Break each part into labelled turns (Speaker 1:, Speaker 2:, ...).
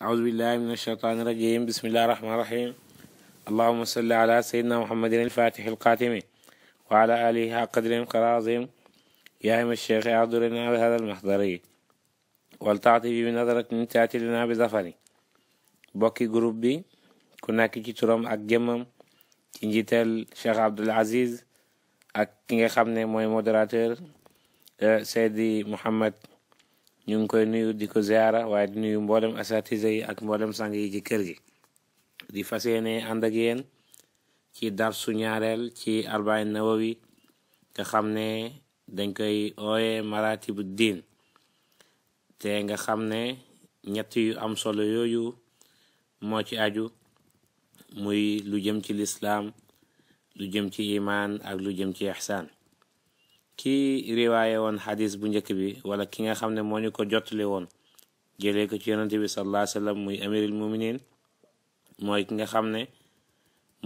Speaker 1: أعوذ بالله من الشيطان الرجيم بسم الله الرحمن الرحيم اللهم صل على سيدنا محمد الفاتح القاتم وعلى آله قدر كرازم يا أيها الشيخ أعذرنا بهذا المحضر ولتعطي من تأتي لنا بزفري بوكي جروبي كنا كي ترم أجمم jëmmam ci عبد العزيز Abdoul Aziz ak ki nga xam ñu ngi koy nuyu di ko ziara waaye di nuyu mboolem asatise yi ak mboolem sang yi ci kër gi di fas yéene ànd ak ci darsu ñaareel ci arbain nawawi nga xam ne dañ koy ooye maratibu diin te nga xam ne ñett yu am solo yooyu moo ci aju muy lu jëm ci lislaam lu jëm ci imaan ak lu jëm ci ihsaan ki riwaaye woon xadis bu njëkk bi wala ki nga xam ne moo ñu ko jottali woon jëlee ko ci yonante bi sallallahu alayhi wa sallam muy amiril muminin mooy ki nga xam ne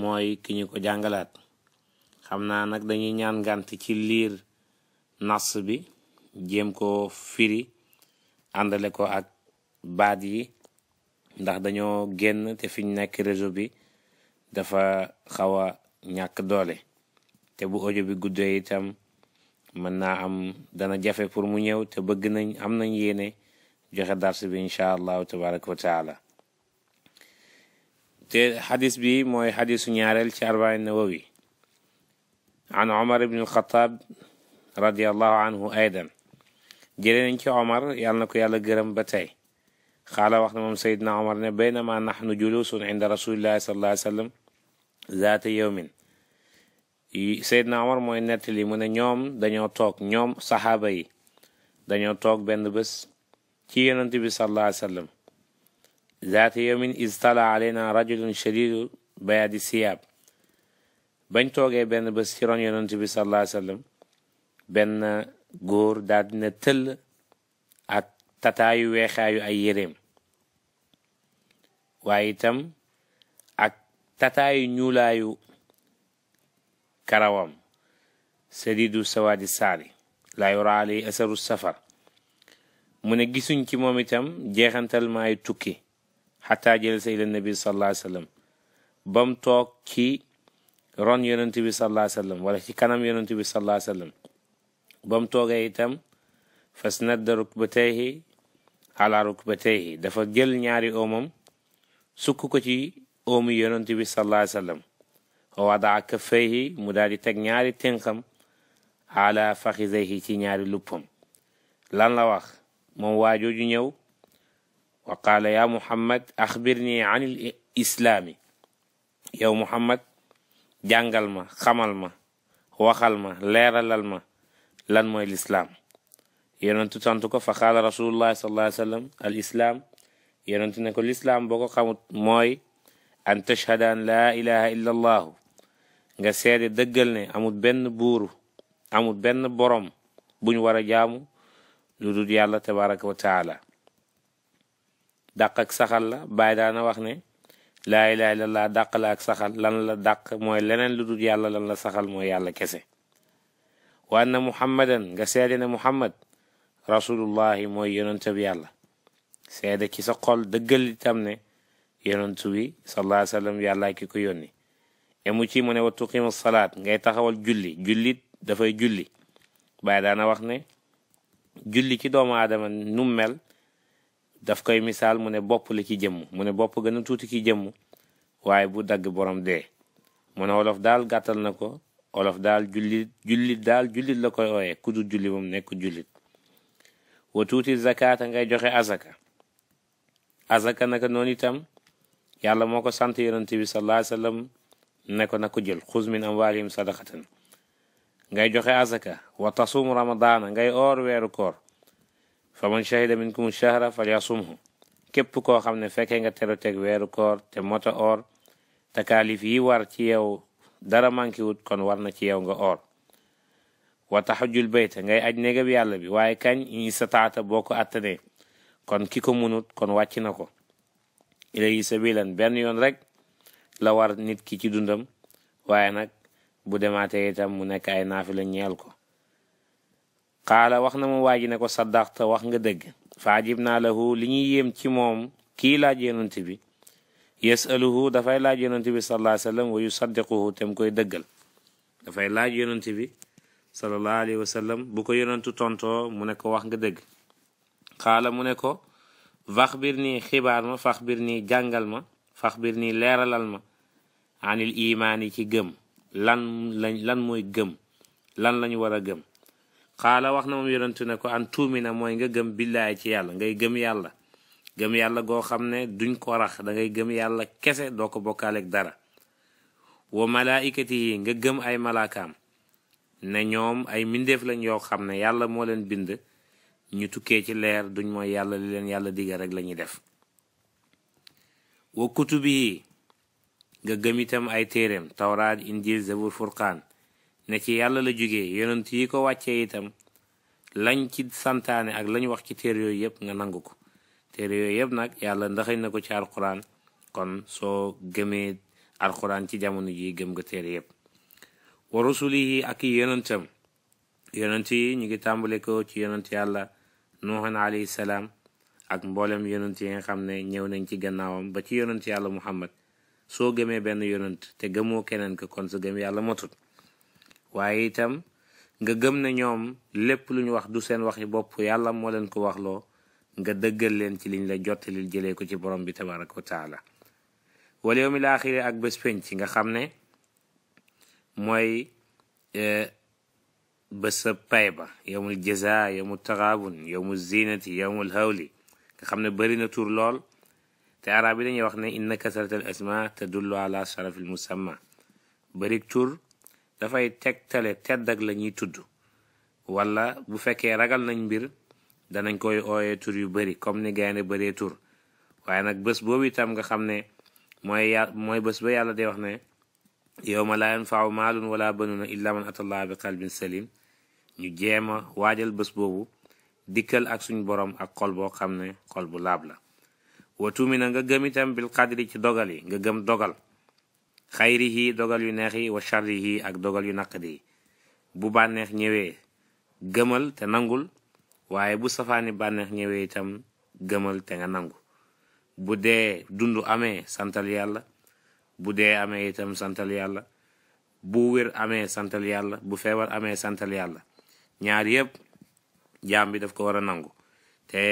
Speaker 1: mooy ki ñu ko jàngalaat xam naa nag dañuy ñaan ngànt ci liir nas bi jéem ko firi àndale ko ak baat yi ndax dañoo génn te fi nekk réseau bi dafa xaw a ñàkk doole te bu audio bi guddee itam mën naa am dana jafe pour mu ñëw te bëgg nañ am nañ yéene joxe dars bi incha allahu tabaraka wa taala te xadis bi mooy xadisu ñaareel ci arbain nawawi an omar ibn alxataab radiallahu anhu aydan jëlee nañ ci omar yàlla na ko yàlla gërëm ba tey xaala wax na moom sayidna omar ne baynama nahnu julusun inda rasulillahi sallallahu alayhi wa sallam zaata yawmin Seydina Omar mooy li mu ne ñoom dañoo toog ñoom saxaaba yi dañoo toog benn bés ci yonent bi sallallahu alayhi wa sallam zaata na istala alayna rajulun shadidu bayadi siyaab bañ toogee benn bés ci ron yonent bi sallallahu alayhi benn góor daal na tëll ak tataayu weexaayu ay yéreem waaye itam ak tataayu ñuulaayu karawam sadidu sawaadi saari laa yura alay asaru safar mu ne gisuñ ci moom itam jeexantal maay tukki xataa jël sa ila nabi sallallahu alayhi bam toog ci ron yonent bi sallallahu alayhi wasallam wala ci kanam yonent bi sallallahu alayhi ba bam toogee itam fas nadda rukbatayhi ala rukbatayhi dafa jël ñaari oomam sukk ko ci oomi yonent bi sallallahu ووضع كفيه مداري تك نياري تنقم على فخذيه تي نياري لبهم لان لا واخ من واجو وقال يا محمد أخبرني عن الإسلام يا محمد جانجل ما خمال ما وخال ما ليرال ما لان موي الإسلام يننتو تانتو فقال رسول الله صلى الله عليه وسلم الإسلام يننتو نكو الإسلام بوكو خمو موي أن تشهد أن لا إله إلا الله nga seede dëggal ne amul benn buuru amul benn borom bu ñu war a jaamu lu dul yàlla tabaraka wa taala dàq ak saxal la bàyyi daana wax ne laa ilaha la dàq la ak saxal lan la dàq mooy leneen lu dul yàlla lan la saxal mooy yàlla kese wa anna muhammadan nga seede ne muhammad rasulullahi mooy yonente bi yàlla seede ci sa xol dëggal itam ne yonentu bi sallallahu alayhi wa sallam yàlla ki ko emu ci mu ne wa tuqimu salaat ngay taxawal julli julli dafay julli bàyyi daana wax ne julli ci doomu aadama nu mel daf koy misaal mu ne bopp la ci jëmm mu ne bopp gën a tuuti ci jëmm waaye bu dagg borom dee mu ne olof daal gàttal na ko olof daal jullit jullit daal jullit la koy ooyee ku dul julli moom nekk jullit wa tuuti zakaata ngay joxe azaka azaka naka noonu itam yàlla moo ko sant yonente bi sallallahu alayhi wasallam ne ko na ko jël xuz min amwalihim sadaqatan ngay joxe azaka wa tasum ramadaana ngay oor weeru koor fa man shahida minkum shahra falyasumhu képp koo xam ne fekkee nga teru teg weeru koor te mota oor takaalif yi war ci yow dara manki wut kon war na ci yow nga oor wa taxajul bayta ngay aj néegab yàlla bi waaye kañ in istataata boo ko attanee kon ki ko munut kon wàcc na ko ilayi sabilan benn yoon rek la war nit ki ci dundam waaye nag bu demaatee itam mu nekk ay naafila ñeel ko xaala wax na ma waa ji ne ko saddaqta wax nga dëgg fa ajib naa lahu li ñuy yéem ci moom kii laaj yonent bi yasaluhu dafay laaj yonent bi sallallahu alayhi wa sallam wa koy dëggal dafay laaj yonent bi sallallahu alayhi wa sallam bu ko yonentu tontoo mu ne ko wax nga dëgg xaala mu ne ko faxbir nii xibaar ma faxbir nii jàngal ma biir nii leeralal ma anil imaan yi ci gëm lan lañ lan mooy gëm lan lañu war a gëm xaala wax na moom yonentu ne ko an tuumina mooy nga gëm billaay ci yàlla ngay gëm yàlla gëm yàlla goo xam ne duñ ko rax dangay gëm yàlla kese doo ko bokkaaleek dara wa malaaykati yi nga gëm ay malaakaam ne ñoom ay mbindeef lañ yoo xam ne yàlla moo leen bind ñu tukkee ci leer duñ mooy yàlla li leen yàlla digal rek lañuy def wa kutubi yi nga gëm itam ay téereem tawraat injil zabur furqaan ne ci yàlla la jóge yonent yi ko wàcce itam lañ ci santaane ak lañ wax ci téer yooyu yëpp nga nangu ko téer yooyu yëpp nag yàlla ndaxañ na ko ci alquran kon soo gëmee alquran ci jamono ji gëm nga téer yëpp wa rusulihi ak i yonentam yi ñu ngi tàmbale ko ci yonent yàlla nuuhan alayhi salaam ak mboolem yonent yi nga xam ne ñëw nañ ci gannaawam ba ci yonent yàlla muhammad soo gëmee benn yonent te gëmoo keneen ko kon sa gëm yàlla matut waaye itam nga gëm ne ñoom lépp lu wax du seen waxi bopp yàlla moo leen ko waxloo nga dëggal leen ci liñ la jottalil jëlee ko ci borom bi tabaraka wa taala wal yawmil axiri ak bés penc nga xam ne mooy bésab pay ba yowmul jaza yowmul taxaabun yowmul zinati yowmul hawli nga xam ne bari na tur lool te arab yi dañuy wax ne inna kasratal asma tadullu ala sharafil musamma bërig tur dafay tegtale tedd ak la ñuy tudd wala bu fekkee ragal nañ mbir danañ koy ooyee tur yu bari comme ni gaynde baree tur waaye nag bës boobu itam nga xam ne mooy yà mooy bés ba yàlla day wax ne yowma laa yanfau maalun wala banuna illa man atallah bi qalbin salim ñu jéema waajal bës boobu dikkal ak suñ boroom ak xol boo xam ne xol bu laab la wa na nga gëm itam bil qadri ci dogal yi nga gëm dogal yi dogal yu neex yi wa sharrihi ak dogal yu naqadi bu bànneex ñëwee gëmal te nangul waaye bu safaani bànneex ñëwee itam gëmal te nga nangu bu dee dund amee santal yàlla bu dee amee itam santal yàlla bu wér amee santal yàlla bu feebar amee santal yàlla ñaar yépp jaam bi daf ko war a nangu te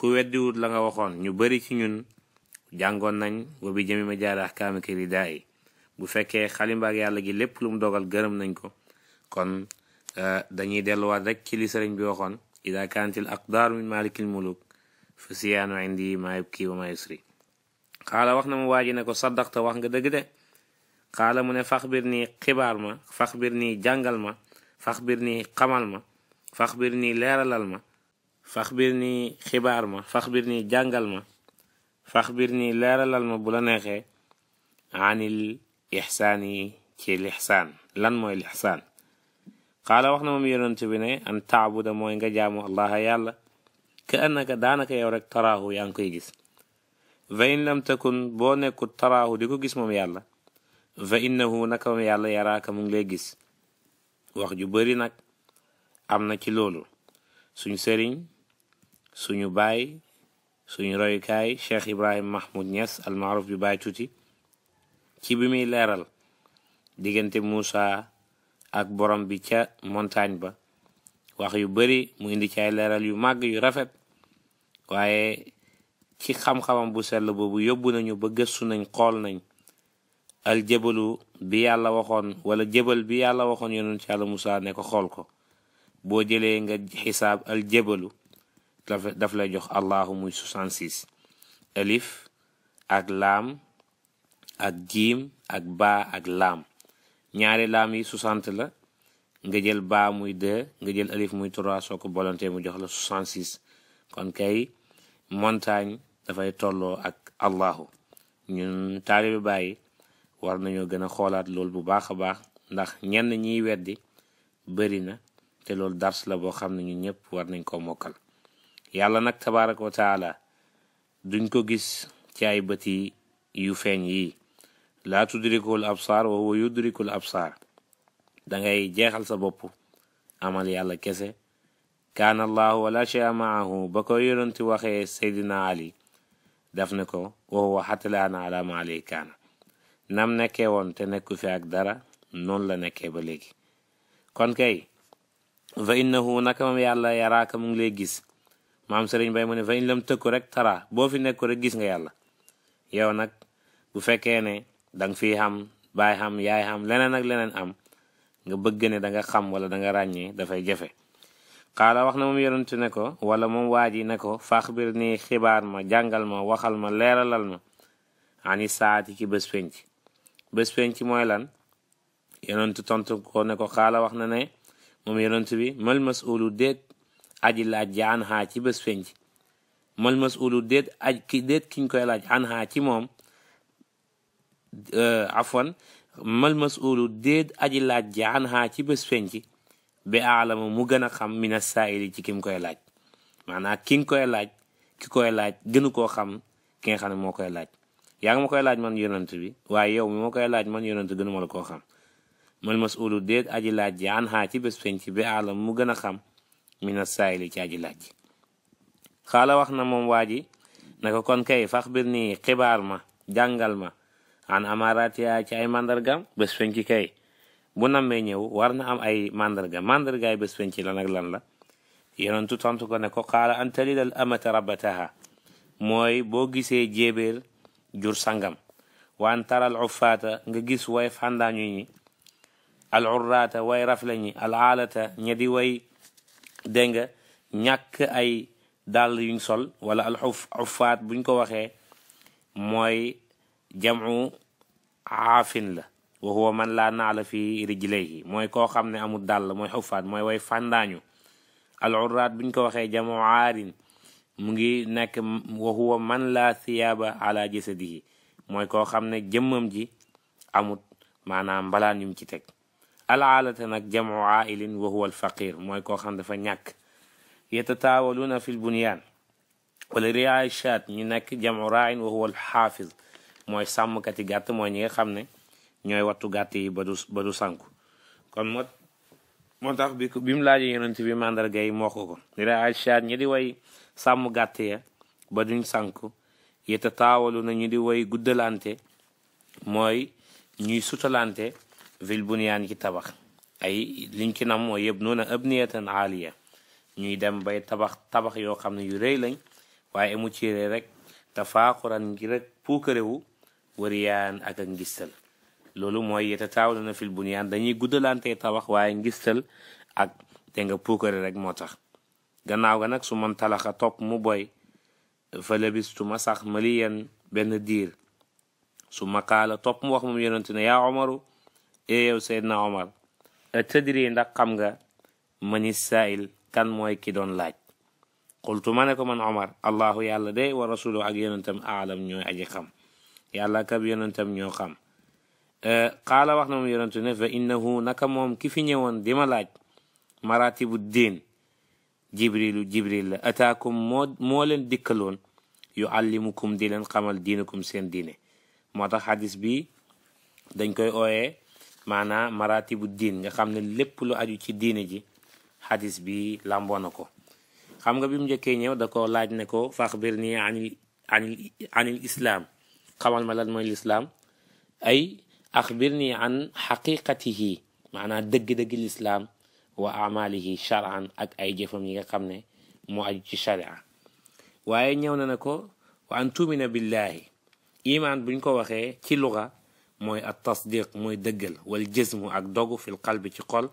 Speaker 1: ku weddiwut la nga waxoon ñu bari ci ñun jàngoon nañ wa bi jami ma jaari ahkaami kër bu fekkee xalimbaak yàlla gi lépp lu mu dogal gërëm nañ ko kon euh, dañuy delluwaat rek ci li sëriñ bi waxoon ida ak aqdaaru min malikil muluk fa siyaanu indi maa yubki wa maa yusri xaala wax na mu waaji ne ko saddaqta wax nga dëgg de xaala mu ne fax bir nii xibaar ma fax bir nii jàngal ma fax bir nii xamal ma fax bir nii leeralal ma فاخبرني خبار ما فاخبرني جنجل ما فاخبرني لا ما بلا عن الإحسان كالإحسان الإحسان لن ما الإحسان قال وحنا ما ميرون أن تعبد ما إنك جامو الله يالا كأنك دانك يورك تراه يانك يجس فإن لم تكن بونك تراه ديكو جسم يالا فإنه نكو يالا يراك من لجس وقت جبرينك أمنا كي لولو سنسرين suñu baay suñu royukaay Cheikh Ibrahim Mahmoud Niass al maaruf bi Baay Tuuti ci bi muy leeral diggante Muusa ak borom bi ca montagne ba wax yu bari mu indi ci ay leeral yu màgg yu rafet waaye ci xam-xamam bu sell boobu yóbbu nañu ba gëstu nañ xool nañ al jëbalu bi yàlla waxoon wala jëbal bi yàlla waxoon yonent yàlla Muusa ne ko xool ko boo jëlee nga xisaab al jëbalu daf lay jox allahu muy 66 alif ak laam ak jiim ak baa ak laam ñaari laam yi 60 la nga jël baa muy 2 nga jël alif muy 3 soo ko bolante mu jox la 66 kon kay montagne dafay tolloo ak allahu ñu taalibi bàyyi war nañoo gën a xoolaat loolu bu baax a baax ndax ñenn ñiy weddi bëri na te loolu dars la boo xam ne ñun ñëpp war nañ koo mokkal yàlla nag tabaraka wa taala duñ ko gis ci ay bëti yu feeñ yi laa tudrikul absaar wa huwa yudrikul absaar dangay jeexal sa bopp amal yàlla kese kaana allahu wala shay'a maahu ba ko yonenti waxee seydina ali daf ne ko wa huwa xatalaana ala ma alay kaana nam nekkee woon te nekku fi ak dara noonu la nekkee ba léegi kon kay fa innahu naka moom yàlla yaraaka mu ngi gis maam sëriñ bay mu ne fa in lam tëkku rek tara boo fi nekku rek gis nga yàlla yow nag bu fekkee ne danga fi am baay am yaay am leneen ak leneen am nga bëgg ne danga xam walla danga nga ràññee dafay jafe xaala wax na moom yonent ne ko wala moom waa ji ne ko faax bir ni xibaar ma jàngal ma waxal ma leeralal ma ani saati ci bés penc bés penc mooy lan yonent tontu ko ne xaala wax na ne moom yonent bi mal masulu déet aji laaj ji an ci bés fenc mal masulu déet aj ki déet kiñ koy laaj an ci moom euh, afwan mal masulu déet aji laaj ji an ci bés fenc bi aalama mu gën a xam mina saa'ili ci kim koy laaj maanaam kiñ koy laaj ki koy laaj gënu koo xam ki nga xam ne moo koy laaj yaa ngi ma koy laaj man yonant bi waaye yow moo koy laaj man yonent gënu ma la koo xam mal masulu déet aji laaj ji an haa ci bés fenc bi aalam mu gën a xam mina saayili ci aji laaj xaala wax na moom waa ji ne ko kon kay fax bir nii xibaar ma jàngal ma an amaaraatiyaa ci ay màndargam bés feñ ci kay bu nammee ñëw war na am ay màndarga màndargaay bés feñ ci lan ak lan la yonentu tontu ko ne ko xaala an amata rabbataha mooy boo gisee jéebéer jur sangam waan taral al urraata way rafle ñi al aalata ña way dégg nga ñàkk ay dàll yuñ sol wala al buñ ko waxee mooy jamu aafin la wa huwa man laa la fi rijlayhi mooy koo xam ne amul dàll mooy xufaat mooy way fàndaañu al urraat buñ ko waxee jamu aarin mu ngi nekk wa huwa man laa siyaaba ala jasadihi mooy koo xam ne jëmmam ji amut maanaam mbalaan yum ci teg alaalata nag jamu aailin wa huwa alfaqir mooy koo xam dafa ñàkk yetataawaluuna fi lbunyaan wala riaay chat ñu nekk jamu raain wa huwa alxaafid mooy sàmmkat yi gàtt mooy ñi nga xam ne ñooy wattu gàtt yi ba du ba du sànku kon moo moo tax bi bi mu laajee yonent bi màndarga yi moo ko ko riaay chat ñi di way sàmm gàtt ya ba duñ sànku yetataawaluuna ñu di way guddalante mooy ñuy sutalante في البنيان كي طبخ أي لنكنام ويبنون أبنية عالية ñuy dem bay tabax tabax yoo xam ne yu rëy lañ waaye amu ci rëy rek tafaaquran ngi rek puukarewu wariyaan ak ak ngistal loolu mooy yetataawlu na fil bunyaan dañuy guddalante tabax waaye ngistal ak te nga puukare rek moo tax gannaaw ga nag su man talaxa topp mu boy fa labistuma sax maliyan benn diir su ma kaala topp mu wax moom yonante ne yaa omaru ee eh, yow Seydina Omar eh, tëdiri ndax xam nga mani sail kan mooy ki doon laaj qultu ma ne ko man Omar allahu yàlla de wa rasuluhu ak yonentam aalam ñooy aji xam yàlla kab yonentam ñoo xam eh, qaala wax na moom yonentu ne fa innahu naka moom ki fi ñëwoon di ma laaj maratibu diin jibrilu jibril la ataakum moo leen dikkaloon yu allimukum di leen xamal diinukum seen diine moo tax xadis bi dañ koy ooyee maanaa maratibu diin nga xam ne lépp lu aju ci diine ji xadis bi làmboo na ko xam nga bi mu njëkkee ñëw da ko laaj na ko faxbir nii anil anil anil islaam xamal ma lan mooy lislaam ay axbir nii an xaqiqatihi maanaa dëgg yi nga xam ne moo aju ci charia waaye ñëw na ne ko wa an tumina billahi imaan buñ waxee ci luga موي التصديق موي دقل والجزم اك في القلب تقول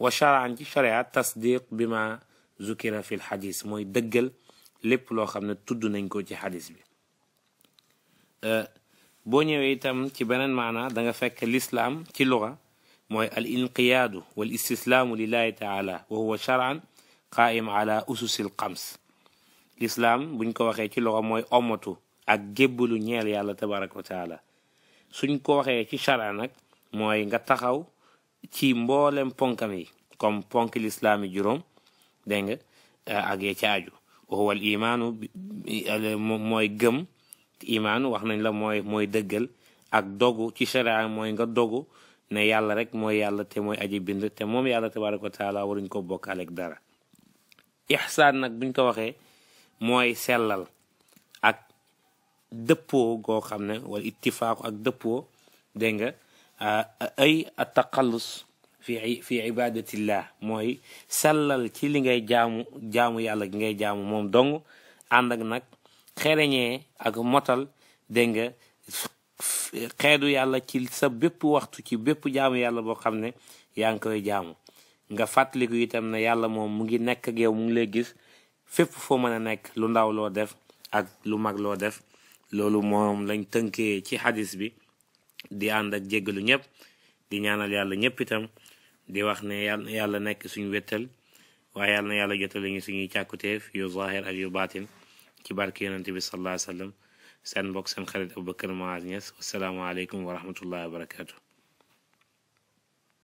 Speaker 1: وشرع عندي شرع تصديق بما ذكر في الحديث موي دقل لب لو خمنا تدو ننكو تي حديث بي أه بو تم تي بنان معنا دنگا فك الاسلام تي لغة موي الانقياد والاستسلام لله تعالى وهو شرعا قائم على اسس القمص الاسلام بو نكو واخي تي لغة موي اموتو اك جيبلو نيال يالله تبارك وتعالى suñ ko waxee ci chara nag mooy nga taxaw ci mboolem ponkam yi comme ponk lislaam yi juróom dégg nga eh, ak ya ci aju waxuwa al imaanu mooy gëm imaanu wax nañ la mooy mooy dëggal ak dogu ci chara mooy nga dogu ne yàlla rek mooy yàlla te mooy aji bind te moom yàlla tabaraka wa taala waruñ ko bokkaaleeg dara ixsaan nag buñ ko waxee mooy sellal dëppoo goo xam ne wala ittifaaqu ak dëppoo dégg nga ah, ay ataqallus fi fi ibadatillah mooy sellal ci li ngay jaamu jaamu yàlla gi ngay jaamu moom dong ànd ak nag xereñee ak motal dégg nga xeedu yàlla ci sa bépp waxtu ci bépp jaamu yàlla boo xam ne yaa ngi koy jaamu nga fàttaliku itam ne yàlla moom mu ngi nekk ak yow mu ngi lay gis fépp foo mën a nekk lu ndaw loo def ak lu mag loo def loolu moom lañ tënkee ci xadis bi di ànd ak jéggalu ñëpp di ñaanal yàlla ñëpp itam di wax ne yàlla yàlla nekk suñu wettal waaye yàlla na yàlla jotale ñu suñuy càkkuteef yu zahir ak yu baatin ci barke yonente bi sallallahu alayhi wa sallam seen mbokk seen xarit Aboubacar Maaz Niass wasalaamaaleykum wa rahmatullahi wa barakatu